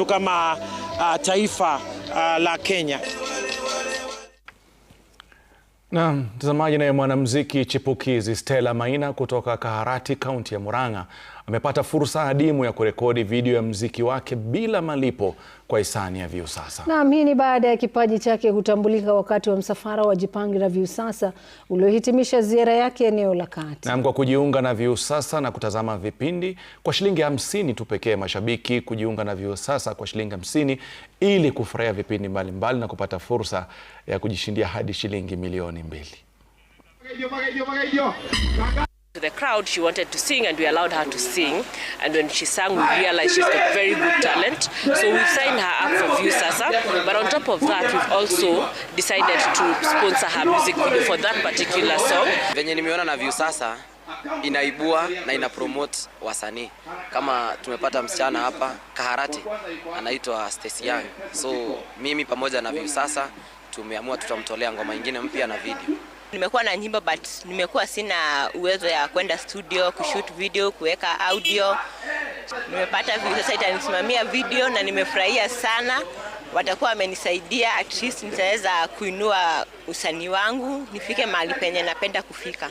letu kama uh, taifa uh, la Kenya. Na mtazamaji, naye mwanamuziki chipukizi Stella Maina kutoka Kaharati, kaunti ya Murang'a amepata fursa adimu ya kurekodi video ya mziki wake bila malipo kwa hisani ya Viusasa. Naam, hii ni baada ya kipaji chake kutambulika wakati wa msafara wa Jipange na Viusasa uliohitimisha ziara yake eneo la Kati. Naam, kwa kujiunga na Viusasa na kutazama vipindi kwa shilingi hamsini tu pekee. Mashabiki kujiunga na Viusasa kwa shilingi hamsini ili kufurahia vipindi mbalimbali mbali na kupata fursa ya kujishindia hadi shilingi milioni mbili. To the crowd, she wanted to sing and we allowed her to sing. And when she sang, we realized she's got very good talent. So we've signed her up for View Sasa. But on top of that, we've also decided to sponsor her music video for that particular song. Venye nimeona na View Sasa inaibua na ina promote wasanii kama tumepata msichana hapa Kaharati anaitwa Stacy Young. So mimi pamoja na View Sasa tumeamua tutamtolea ngoma nyingine mpya na video. Nimekuwa na nyimbo but nimekuwa sina uwezo ya kwenda studio kushoot video, kuweka audio. Nimepata sasa, itanisimamia video na nimefurahia sana. Watakuwa wamenisaidia, at least nitaweza kuinua usanii wangu nifike mahali penye napenda kufika.